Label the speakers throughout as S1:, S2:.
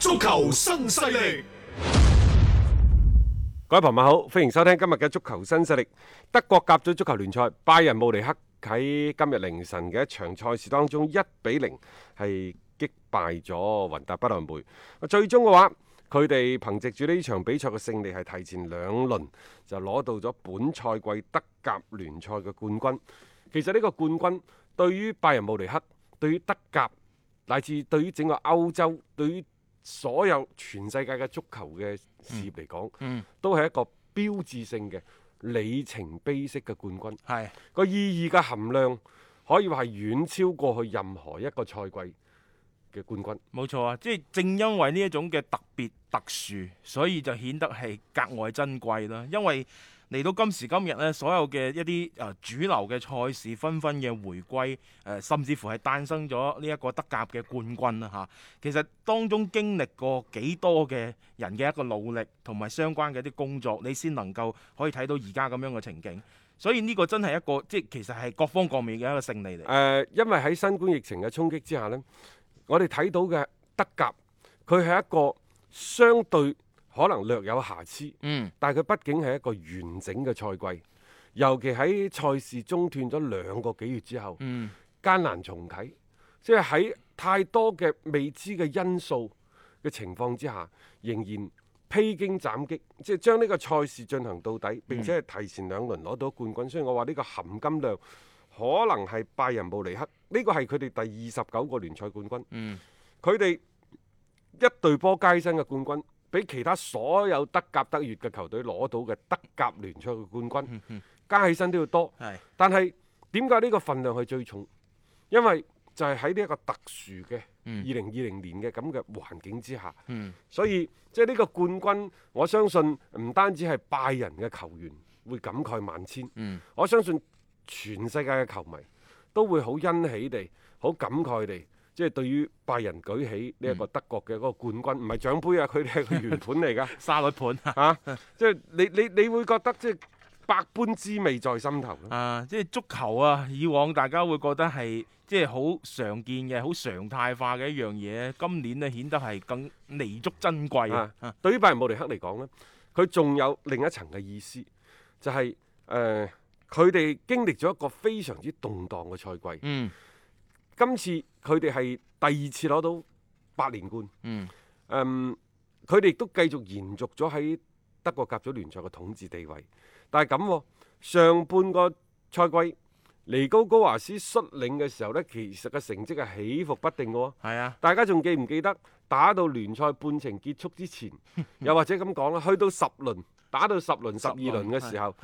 S1: 足球新勢力，各位朋友好，歡迎收聽今日嘅足球新勢力。德國甲組足球聯賽，拜仁慕尼黑喺今日凌晨嘅一場賽事當中，一比零係擊敗咗雲達不萊梅。最終嘅話，佢哋憑借住呢場比賽嘅勝利，係提前兩輪就攞到咗本賽季德甲聯賽嘅冠軍。其實呢個冠軍對於拜仁慕尼黑，對於德甲，乃至對於整個歐洲，對於所有全世界嘅足球嘅事業嚟講，嗯、都係一個標誌性嘅里程碑式嘅冠軍，係個是意義嘅含量，可以話係遠超過去任何一個賽季嘅冠軍，
S2: 冇錯啊！即、就、係、是、正因為呢一種嘅特別特殊，所以就顯得係格外珍貴啦。因為。嚟到今時今日呢，所有嘅一啲誒主流嘅賽事紛紛嘅回歸，誒、呃、甚至乎係誕生咗呢一個德甲嘅冠軍啦嚇、啊。其實當中經歷過幾多嘅人嘅一個努力同埋相關嘅啲工作，你先能夠可以睇到而家咁樣嘅情景。所以呢個真係一個
S1: 即其實係各方各面嘅一個勝利嚟。誒、呃，因為喺新冠疫情嘅衝擊之下呢，我哋睇到嘅德甲，佢係一個相對，可能略有瑕疵，嗯、但係佢畢竟係一個完整嘅賽季，尤其喺賽事中斷咗兩個幾月之後，艱、嗯、難重啟，即係喺太多嘅未知嘅因素嘅情況之下，仍然披荊斬棘，即係將呢個賽事進行到底，並且係提前兩輪攞到冠軍。嗯、所以我話呢個含金量可能係拜仁慕尼黑呢、這個係佢哋第二十九個聯賽冠軍，佢哋一隊波皆身嘅冠軍。比其他所有德甲德乙嘅球隊攞到嘅德甲聯賽嘅冠軍、嗯嗯、加起身都要多，是但係點解呢個份量係最重？因為就係喺呢一個特殊嘅二零二零年嘅咁嘅環境之下，嗯、所以、嗯、即係呢個冠軍，我相信唔單止係拜仁嘅球員會感慨萬千，嗯、我相信全世界嘅球迷都會好欣喜地、好感慨地。即係對於拜仁舉起呢一個德國嘅嗰個冠軍，唔係獎杯啊，佢哋係個圓盤嚟㗎，沙律盤吓。即係你你你會覺得即係百般滋味在心頭。啊，
S2: 即係足球啊，以往大家會覺得係即係好常見嘅、好常態化
S1: 嘅一樣嘢，今年呢，顯得係更彌足珍貴啊。啊，對於拜仁慕尼黑嚟講咧，佢仲有另一層嘅意思，就係、是、誒，佢、呃、哋經歷咗一個非常之動盪嘅賽季。嗯。今次佢哋係第二次攞到八連冠，嗯，佢哋都繼續延續咗喺德國甲組聯賽嘅統治地位。但係咁、哦，上半個賽季尼高高華斯率領嘅時候呢，其實嘅成績係起伏不定嘅喎、哦。啊、大家仲記唔記得打到聯賽半程結束之前， 又或者咁講啦，去到十輪打到十輪，十輪，十二輪嘅時候。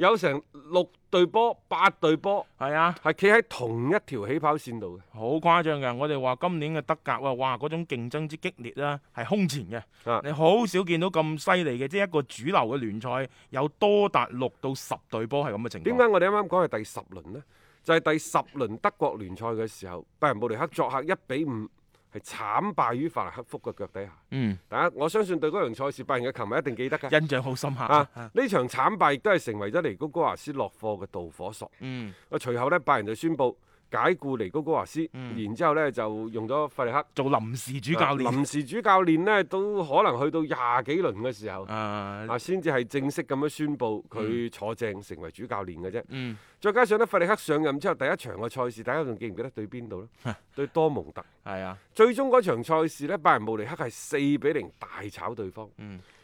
S1: 有成六隊波、八隊波，係啊，係企喺同一條起跑線度嘅，好誇張嘅。我哋話今年
S2: 嘅德甲啊，話嗰種競爭之激烈啦、啊，係空前嘅。啊、你好少見到咁犀利
S1: 嘅，即係一個主流嘅聯賽有多達六到十隊波係咁嘅情況。點解我哋啱啱講係第十輪呢？就係、是、第十輪德國聯賽嘅時候，拜仁慕尼克作客一比五，係慘敗於法蘭克福嘅腳底下。嗯，第一，我相信對嗰場賽事拜仁嘅球迷一定記得㗎，印象好深刻。啊，呢、啊啊、場慘敗亦都係成為咗尼古哥華斯落課嘅導火索。嗯，啊，隨後呢，拜仁就宣布。解雇尼高哥華斯，嗯、然之後呢就用咗費力克做臨時主教練，啊。臨時主教練咧都可能去到廿幾輪嘅時候，啊，先至係正式咁樣宣佈佢坐正成為主教練嘅啫。嗯、再加上呢，費力克上任之後第一場嘅賽事，大家仲記唔記得對邊度咯？ 對多蒙特。係啊。最終嗰場賽事呢，拜仁慕尼克係四比零大炒對方。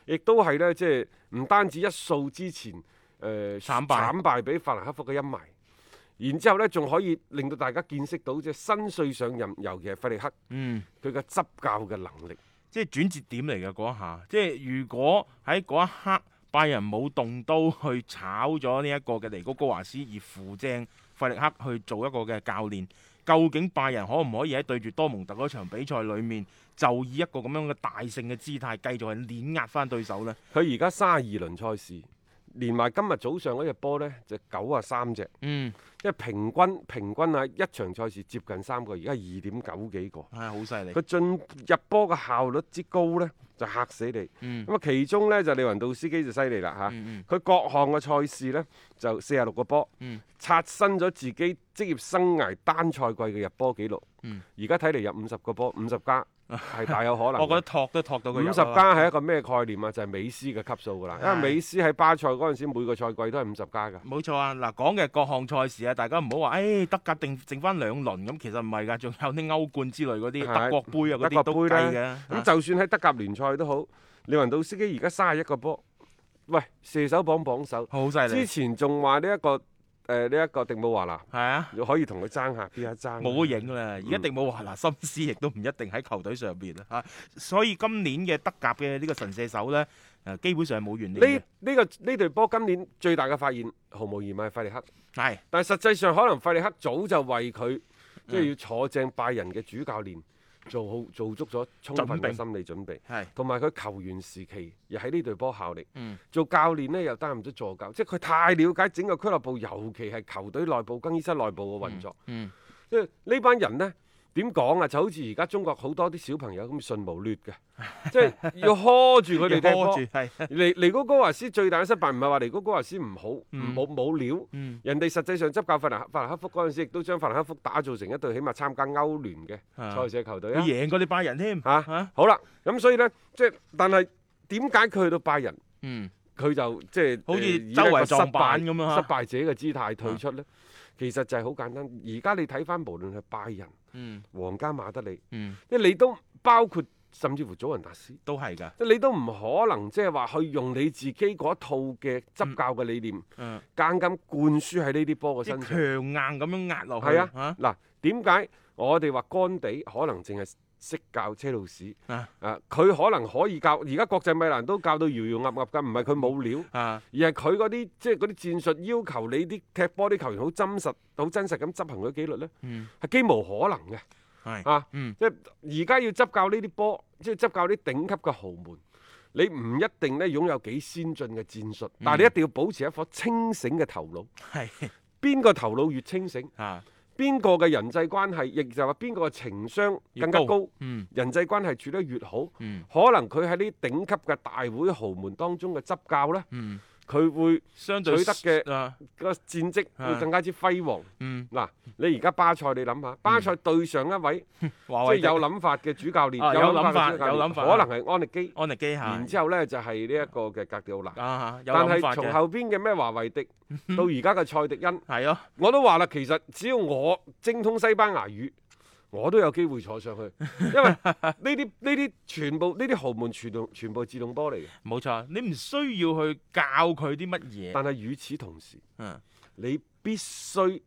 S1: 亦、嗯、都係呢，即係唔單止一掃之前誒慘、呃、敗慘敗俾法蘭克福嘅陰霾。然之後咧，仲可以令到大家見識到即係新帥上任，尤其係費力克，嗯，佢嘅執教嘅能力，即係轉折點嚟嘅嗰一下。即係如果
S2: 喺嗰一刻拜仁冇動刀去炒咗呢一個嘅尼高高華斯，而扶正費力克去做一個嘅教練，究竟拜仁可唔可以喺對住多蒙特嗰場比賽裡面，就以一個咁樣嘅大勝嘅姿態繼續係碾壓翻對手呢？
S1: 佢而家三二輪賽事。連埋今日早上嗰隻波呢，就九啊三隻，嗯、因為平均平均啊一場賽事接近三個月，而家二點九幾個，係好犀利。佢進入波嘅效率之高呢，就嚇死你。咁啊、嗯，其中呢，就李雲道斯基就犀利啦嚇，佢、啊嗯嗯、各項嘅賽事呢，就四十六個波，刷新咗自己職業生涯單賽季嘅入波紀錄。而家睇嚟有五十個波，五十加。係 大有可能， 我覺得
S2: 托都托到佢五十加
S1: 係一個咩概念啊？就係、是、美斯嘅級數噶啦，的因為美斯喺巴塞嗰陣時每個賽季都係五十加噶。冇錯啊！嗱，講嘅各項
S2: 賽事啊，大家唔好話，哎，德甲定剩翻兩輪咁，其實唔係㗎，仲有啲歐冠之類嗰啲，的德國杯啊嗰啲杯低嘅。咁、啊、就
S1: 算喺德甲聯賽都好，李雲度斯基而家三十一個波，喂，射手榜榜首，好犀利！之前仲話呢一個。誒呢一個迪姆華拿，係啊，你可以同佢爭下。而家爭冇影啦，而家迪姆華拿心思亦
S2: 都唔一定喺球隊上邊啦嚇。所以今年嘅德甲嘅呢個神射手咧，誒、呃、基
S1: 本上係冇懸念呢。呢呢、這個呢隊、這個、波今年最大嘅發現，毫無疑問係費力克。係是，但係實際上可能費力克早就為佢即係要坐正拜仁嘅主教練。嗯做好做足咗充分嘅心理準備，同埋佢球員時期又喺呢隊波效力，嗯、做教練咧又擔任咗助教，即係佢太了解整個俱樂部，尤其係球隊內部、更衣室內部嘅運作。嗯嗯、即係呢班人咧。點講啊？就好似而家中國好多啲小朋友咁順無劣嘅，即係要呵住佢哋踢波。係。嚟嚟嗰高華斯最大嘅失敗，唔係話嚟嗰高華斯唔好，唔好冇料。嗯。人哋實際上執教法蘭法蘭克福嗰陣時，亦都將法蘭克福打造成一隊起碼參加歐聯嘅賽事球隊，佢贏過啲拜仁添。嚇嚇。好啦，咁所以咧，即係但係點解佢去到拜仁，嗯，佢就即係好似周圍失敗咁樣，失敗者嘅姿態退出咧。其實就係好簡單，而家你睇返，無論係拜仁、嗯、皇家馬德里，即係、嗯、你都包括甚至乎祖雲達斯都係㗎，即係你都唔可能即係話去用你自己嗰套嘅執教嘅理念，嗯嗯、間間灌輸喺呢啲波嘅身上，強硬咁樣壓落去。係啊，嗱、啊，點解我哋話干地可能淨係識教車路士啊，啊，佢可能可以教，而家國際米蘭都教到搖搖岌岌噶，唔係佢冇料，嗯啊、而係佢嗰啲即係嗰啲戰術要求你啲踢波啲球員好真實、好真實咁執行佢嘅紀律呢，係幾、嗯、無可能嘅，係是啊，即係而家要執教呢啲波，即係執教啲頂級嘅豪門，你唔一定咧擁有幾先進嘅戰術，嗯、但係你一定要保持一顆清醒嘅頭腦，係邊個頭腦越清醒啊？邊個嘅人際關係，亦就係話邊個嘅情商更加高？高嗯、人際關係處得越好，嗯、可能佢喺啲頂級嘅大會豪門當中嘅執教呢。嗯佢會取得嘅個戰績會更加之輝煌。嗱、嗯，你而家巴塞你諗下，巴塞對上一位即係、嗯、 迪有諗法嘅主教練，啊、有諗法，有諗法，法可能係安歷基，安歷基。然之後咧就係呢一個嘅格迪奧拿。啊、但係從後邊嘅咩華為迪到而家嘅塞迪恩，係咯，我都話啦，其實只要我精通西班牙語。我都有機會坐上去，因為呢啲呢啲全部呢啲豪門全，全部全部自動波嚟嘅。冇錯，你唔需要去教佢啲乜嘢。但係與此同時，嗯，你必須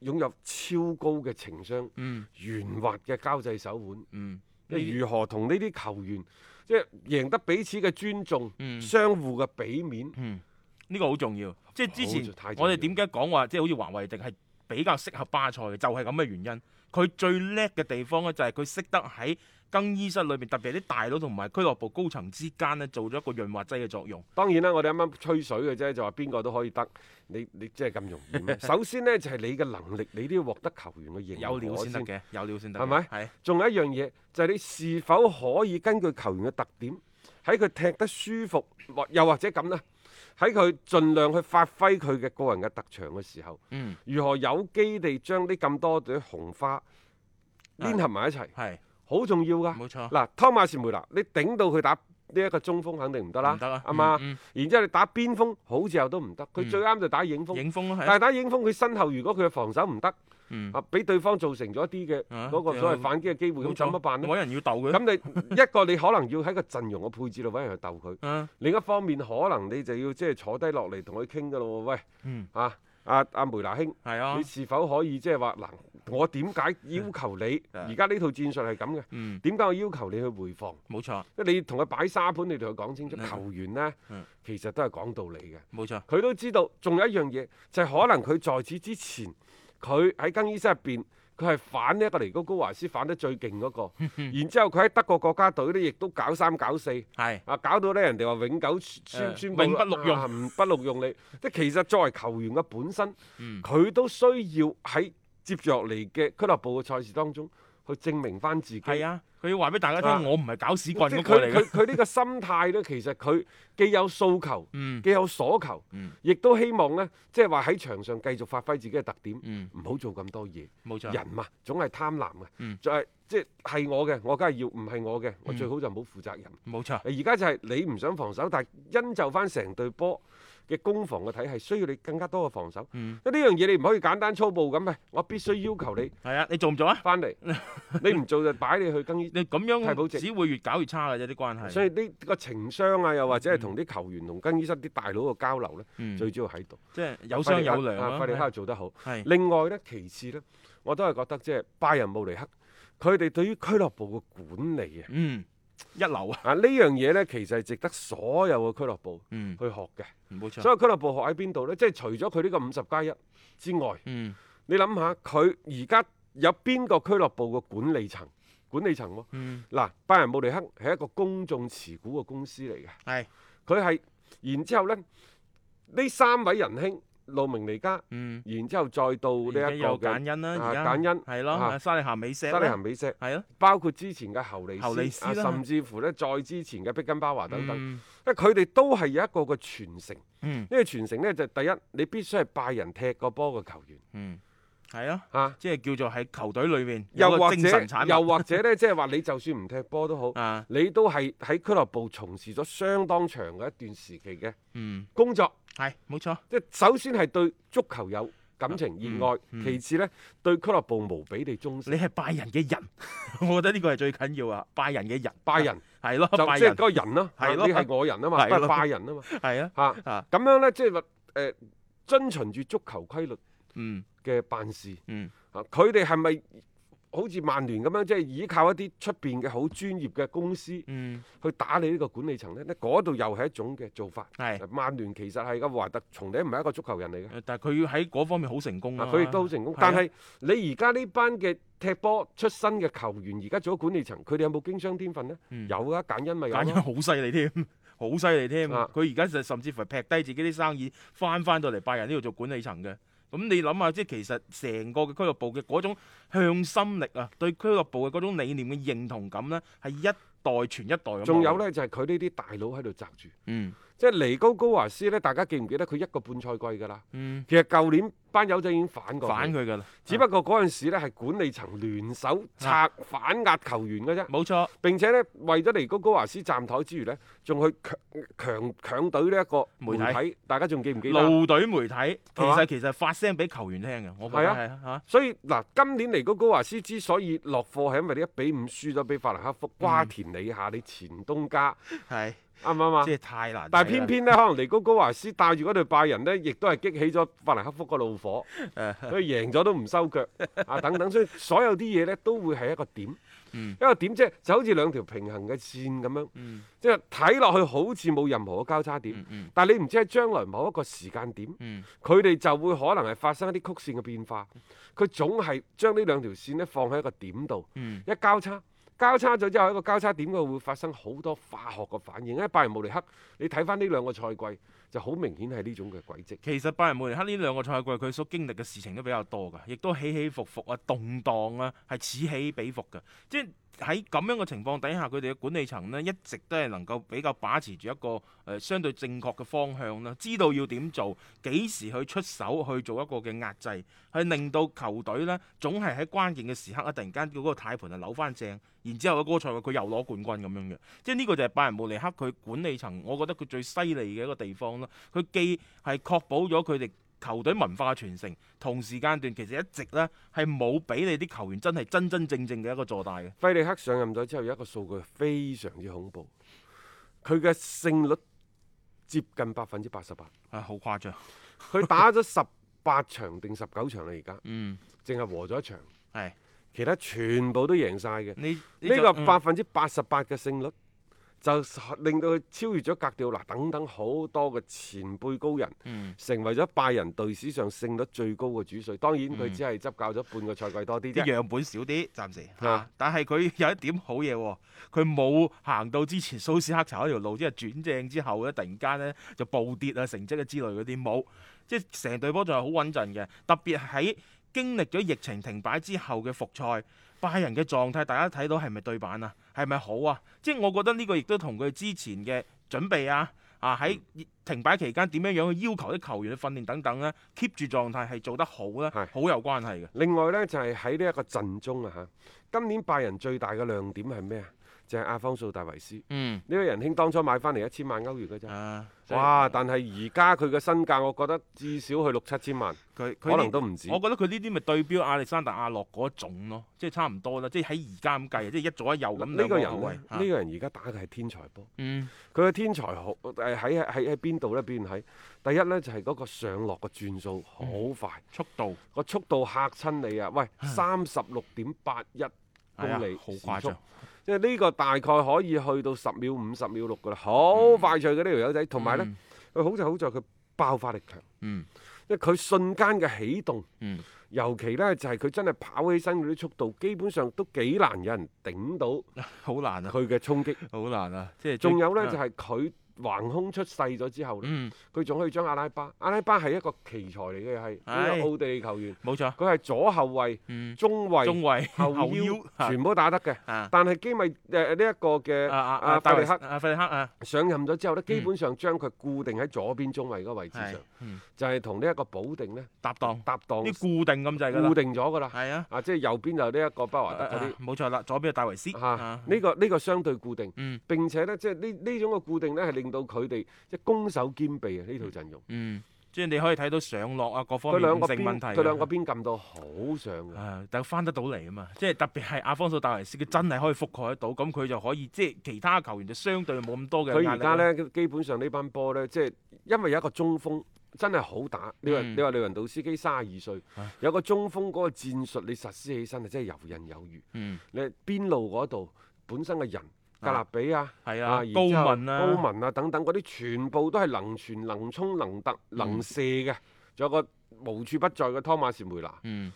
S1: 擁有超高嘅情商，嗯，圓滑嘅交際手腕，嗯，你如何同呢啲球員，嗯、即係贏得彼此嘅尊重，嗯、相互嘅俾面，嗯，呢、這個好重要。即係之前我哋點解講話，即係好似
S2: 華為迪係比較適合巴塞嘅，就係咁嘅原因。佢最叻嘅地方咧，就係佢識得喺更衣室裏面，特別係啲大佬同埋俱樂部高層之間咧，做咗一個潤滑劑嘅
S1: 作用。當然啦，我哋啱啱吹水嘅啫，就話邊個都可以得，你你真係咁容易？ 首先咧，就係、是、你嘅能力，你都要獲得球員嘅有料先得嘅，有料先得，係咪？係是。仲有一樣嘢，就係、是、你是否可以根據球員嘅特點，喺佢踢得舒服，或又或者咁啦。喺佢盡量去發揮佢嘅個人嘅特長嘅時候，嗯，如何有機地將啲咁多朵紅花粘合埋一齊，係好重要噶，冇錯。嗱，湯馬士梅拿你頂到佢打呢一個中鋒肯定唔得啦，唔得啊，係、啊啊、嘛？嗯嗯、然之後你打邊鋒，好似又都唔得，佢最啱就打影鋒，影鋒、嗯、但係打影鋒佢身後如果佢嘅防守唔得。啊！俾對方造成咗一啲嘅嗰個所謂反擊嘅機會，咁怎麼辦咧？揾人要鬥佢。咁你一個你可能要喺個陣容嘅配置度揾人去鬥佢。另一方面，可能你就要即係坐低落嚟同佢傾嘅咯喎。喂，啊，阿阿梅娜兄，係啊，你是否可以即係話嗱？我點解要求你而家呢套戰術係咁嘅？點解我要求你去回防？冇錯。你同佢擺沙盤，你同佢講清楚。球員呢，其實都係講道理嘅。冇錯。佢都知道，仲有一樣嘢就係可能佢在此之前。佢喺更衣室入邊，佢係反呢一個尼高高華斯反得最勁嗰、嗰個。 然之後佢喺德國國家隊呢，亦都搞三搞四，係啊，搞到咧人哋話永久、呃、步永不錄用，唔不錄用你。即其實作為球員嘅本身，佢 都需要喺接住落嚟嘅俱樂部嘅賽事當中。去證明翻自己。係啊，佢要話俾大家聽，啊、我唔係搞屎棍。佢佢呢個心態咧，其實佢既有訴求，嗯、既有所求，亦、嗯、都希望咧，即係話喺場上繼續發揮自己嘅特點，唔好、嗯、做咁多嘢。冇錯錯，人嘛、啊、總係貪婪嘅、啊嗯就係，就係即係係我嘅，我梗係要；唔係我嘅，我最好就唔好負責人。冇錯錯。而家就係你唔想防守，但係因就翻成隊波。嘅攻防嘅體系需要你更加多嘅防守。呢樣嘢你唔可以簡單粗暴咁咪，我必須要求你。係啊，你做唔做啊？翻嚟，你唔做就擺你去更衣。你咁樣，只會越搞越差嘅啫啲關係。所以呢個情商啊，又或者係同啲球員同更衣室啲大佬嘅交流咧，最主要喺度。即係有商有量，啊！費利克做得好。另外咧，其次咧，我都係覺得即係拜仁慕尼黑，佢哋對於俱樂部嘅管理啊。嗯。一流啊！呢樣嘢呢其實係值得所有嘅俱樂部去學嘅。冇錯、嗯，錯所有俱樂部學喺邊度呢？即係除咗佢呢個五十加一之外，嗯、你諗下，佢而家有邊個俱樂部嘅管理層？管理層喎、哦，嗱、嗯，拜仁慕尼黑係一個公眾持股嘅公司嚟嘅，係佢係，然之後呢，呢三位仁兄。路明尼加，嗯、然之後再到呢一個嘅簡恩啦，簡恩係咯，啊、沙利咸美石，沙利咸美石係咯，包括之前嘅侯利斯，利斯啊、甚至乎咧、嗯、再之前嘅碧根巴華等等，因佢哋都係有一個個傳承，呢個、嗯、傳承咧就是，第一你必須係拜仁踢個波嘅球員。嗯係啊，吓，即係叫做喺球隊裏面，又或者，又或者咧，即係話你就算唔踢波都好，你都係喺俱樂部從事咗相當長嘅一段時期嘅工作，係冇錯。即係首先係對足球有感情熱愛，其次咧對俱樂部無比地忠心。你係拜仁嘅人，
S2: 我覺得呢個
S1: 係最緊要啊！拜仁嘅人，拜仁，係咯，即係嗰個人咯，係咯，你係我人啊嘛，拜仁啊嘛，係啊，吓，咁樣咧，即係話誒，遵循住足球規律，嗯。嘅辦事，啊、嗯，佢哋係咪好似曼聯咁樣，即係依靠一啲出邊嘅好專業嘅公司去打理呢個管理層咧？咧嗰度又係一種嘅做法。係曼聯其實係個華特從嚟唔係一個足球人嚟嘅，但係佢喺嗰方面好成功啊！佢亦都好成功。啊、但係你而家呢班嘅踢波出身嘅球員，而家做咗管理層，佢哋、啊、有冇經商天分咧？嗯、有啊，簡恩咪有、啊。簡恩好犀利添，好犀利添。
S2: 佢而家就甚至乎係劈低自己啲生意，翻翻到嚟拜仁呢度做管理層嘅。咁、嗯、你諗下，即其實成個嘅俱樂部嘅嗰種向心力啊，對俱樂部嘅嗰種理念嘅
S1: 認同感咧，係一代傳一代咁，仲有咧就係佢呢啲大佬喺度窒住，嗯，即係尼高高華斯咧，大家記唔記得佢一個半賽季㗎啦？嗯，其實舊年班友仔已經反過反佢㗎啦，只不過嗰陣時咧係管理層聯手拆反壓球員㗎啫，冇錯。並且咧為咗尼高高華斯站台之餘咧，仲去強強強隊呢一個媒體，大家仲記唔記得路隊媒體？其實
S2: 其實發聲俾球員
S1: 聽嘅，我覺得係啊，所以嗱，今年尼高高華斯之所以落課係因為你一比五輸咗俾法蘭克福瓜田。底下你前東家係啱唔啱啊？即係太難，但係偏偏咧，可能尼高高華斯帶住嗰隊拜仁呢，亦都係激起咗法蘭克福嘅怒火，所以贏咗都唔收腳啊！等等，所以所有啲嘢呢，都會係一個點，一個點即係就好似兩條平行嘅線咁樣，即係睇落去好似冇任何嘅交叉點，但係你唔知喺將來某一個時間點，佢哋就會可能係發生一啲曲線嘅變化。佢總係將呢兩條線呢放喺一個點度，一交叉。交叉咗之後，一個交叉點個會發生好多化學嘅反應。一拜仁慕尼黑，你睇返呢兩個賽季。好明顯係呢種嘅軌跡。
S2: 其實拜仁慕尼黑呢兩個賽季佢所經歷嘅事情都比較多㗎，亦都起起伏伏啊、動盪啊，係此起彼伏嘅。即係喺咁樣嘅情況底下，佢哋嘅管理層呢一直都係能夠比較把持住一個誒、呃、相對正確嘅方向啦，知道要點做，幾時去出手去做一個嘅壓制，去令到球隊呢總係喺關鍵嘅時刻啊，突然間嗰個太盤啊扭翻正，然之後嗰個賽季佢又攞冠軍咁樣嘅。即係呢個就係拜仁慕尼黑佢管理層，我覺得佢最犀利嘅一個地方啦。佢既係確保咗佢哋球隊文化嘅傳承，同時間段其實一直呢係冇俾你啲球員真係真真正正嘅一個助大嘅。費利克
S1: 上任咗之後，有一個數據非常之恐怖，佢嘅勝率接近百分之八十八，係好、啊、誇張。佢打咗十八場定十九場啦，而家，嗯，淨係和咗一場，係是，其他全部都贏晒嘅。呢個百分之八十八嘅勝率。嗯就令到佢超越咗格調嗱，等等好多嘅前輩高人，嗯、成為咗拜仁隊史上勝率最高嘅主帥。當然佢只係執教咗半個賽季多啲啲、嗯嗯、樣本少啲，暫時嚇。嗎但係佢有一
S2: 點好嘢喎，佢冇行到之前蘇斯克查嗰條路，即係轉正之後咧，突然間咧就暴跌啊成績啊之類嗰啲，冇。即係成隊波仲係好穩陣嘅，特別喺經歷咗疫情停擺之後嘅復賽。拜仁嘅狀態，大家睇到係咪對版啊？係咪好啊？即係我覺得呢個亦都同佢之前嘅準備啊，啊喺停擺期間點樣樣去要求啲球員去訓練等等咧，keep 住狀態係做得好
S1: 咧，好係有關係嘅。另外咧就係喺呢一個陣中啊嚇，今年拜仁最大嘅亮點係咩啊？就係、係、阿方素戴維斯。嗯，呢位仁兄當初買翻嚟一千萬歐元嘅啫。啊。哇！但係而家佢嘅身價，我覺得至少去六七千萬，佢可能都唔止。我覺得
S2: 佢呢啲咪對標亞歷山大阿洛嗰種咯，即係差唔多啦。即係喺而家咁計，即係一左一右咁。呢個人喂，呢猜、啊、
S1: 個人而家打嘅係天才波。嗯，佢嘅天才好誒喺喺喺邊度咧？邊喺第一咧就係、是、嗰個上落嘅轉數好快、嗯，速度個速度嚇親你啊！喂，三十六點八一，公里、哎，好快速，即係呢個大概可以去到十秒，五，秒、五十秒、六噶啦，嗯、好快脆嘅呢條友仔。同埋咧，佢好在好在佢爆發力強。嗯，即係佢瞬間嘅起動。嗯、尤其咧就係、是、佢真係跑起身嗰啲速度，基本上都幾難有人頂到。 好難啊！佢嘅衝擊。好難啊！即係。仲有咧，嗯、就係佢。橫空出世咗之後咧，佢仲可以將阿拉巴，阿拉巴係一個奇才嚟嘅，又係呢個奧地利球員，冇錯，佢係左後衞、中衞、後腰全部打得嘅。但係基密誒呢一個嘅阿阿費利克，費利克啊，上任咗之後咧，基本上將佢固定喺左邊中衞個位置上，就係同呢一個保定呢，搭檔搭檔固定咁就㗎固定咗㗎啦，係啊，啊即係右邊就呢一個巴華德嗰啲，冇錯啦，左邊係戴維斯，呢個呢個相對固定，並且咧即係呢呢種嘅固定呢。係你。令到佢哋即係攻守兼備啊！呢套陣容，
S2: 嗯，即係你可以睇到上落啊各方面嘅問題。佢兩個邊撳到好上啊，但係翻得到嚟啊嘛！即係特別係阿方素達維斯，佢真係可以覆蓋得到，咁佢就可以即係其他球員就相對冇咁多嘅、啊。佢而家咧，
S1: 基本上班呢班波咧，即係因為有一個中鋒真係好打。嗯、你話你話雷雲道司基三十二歲，啊、有個中鋒嗰個戰術你實施起身啊，真係游刃有餘。你邊路嗰度本身嘅人。嗯格納比亞啊，係啊，高文啊，文啊啊等等嗰啲全部都係能傳、嗯、能衝、能突、能射嘅，仲有個無處不在嘅湯馬士梅拿，嗯，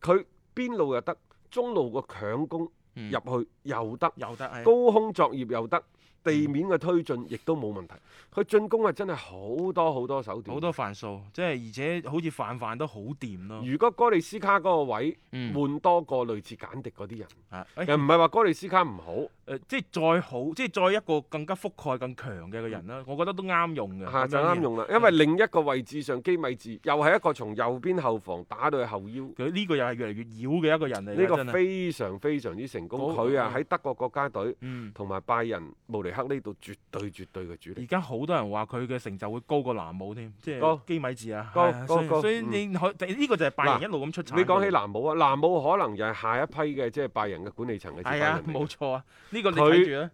S1: 佢邊路又得，中路個強攻入去又得，嗯、又得、啊、高空作業又得。地面嘅推進亦都冇問題，佢進攻啊真係好多好多手段，好多犯數，即係而且好似犯犯都好掂咯。如果哥利斯卡嗰個位、嗯、換多個類似簡迪嗰啲人，啊哎、又唔係話哥利斯卡唔好，呃、即係再好，即係再一個更加覆蓋更強嘅一個人啦，嗯、我覺得都啱用嘅，就啱用啦，因為另一個位置上基米治又係一個從右邊後防打到去後腰，呢個又係越嚟越妖嘅一個人嚟。呢個非常非常之成功，佢啊喺德國國家隊同埋、嗯、拜仁無離。呢度絕對絕對嘅主力。而家好多人話佢嘅成就會高過南姆添，即係基米治啊。所以你呢、呢個就係拜仁一路咁出彩，啊。你講起南姆啊，南姆可能又係下一批嘅即係拜仁嘅管理層嘅接班人。冇、啊、錯啊，
S2: 呢、呢個你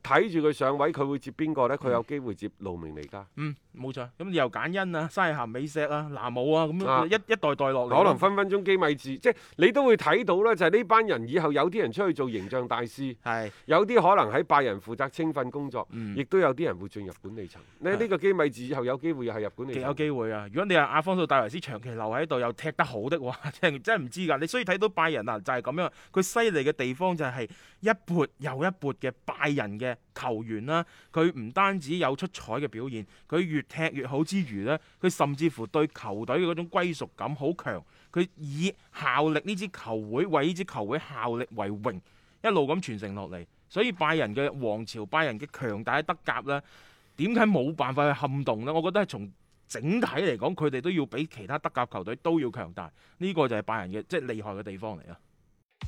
S1: 睇住佢上位，佢會接邊個咧？佢有機會接路明嚟㗎。嗯。冇錯，咁你由簡恩啊、西咸美石啊、南武啊，咁樣一、啊、一代代落嚟，可能分分鐘機米字，即係你都會睇到啦。就係、是、呢班人以後有啲人出去做形象大使，是有啲可能喺拜仁負責青訓工作，亦、嗯、都有啲人會進入管理層。你呢是個機米字以後有機會又係入管理層，有機會啊！如果
S2: 你話阿方素戴維斯長期留喺度又踢得好的話，真真唔知㗎。你所以睇到拜仁啊，就係咁樣，佢犀利嘅地方就係一撥又一撥嘅拜仁嘅。球員啦，佢唔單止有出彩嘅表現，佢越踢越好之餘咧，佢甚至乎對球隊嘅嗰種歸屬感好強，佢以效力呢支球會、為呢支球會效力為榮一路咁傳承落嚟。所以拜仁嘅王朝、拜仁嘅強大嘅德甲咧，點解冇辦法去撼動咧？我覺得係從整體嚟講，佢哋都要比其他德甲球隊都要強大。呢個
S1: 就係拜仁嘅即係厲害嘅地方嚟啊！